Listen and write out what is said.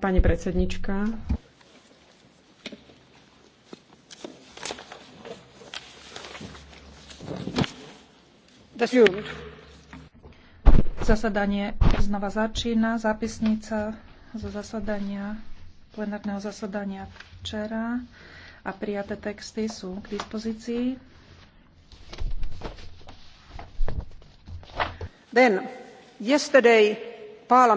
Pani predsedníčka Zasadanie znova začína. Zápisnica zo zasadania, plenárneho zasadania včera a prijaté texty sú k dispozícii yesterday parliament voted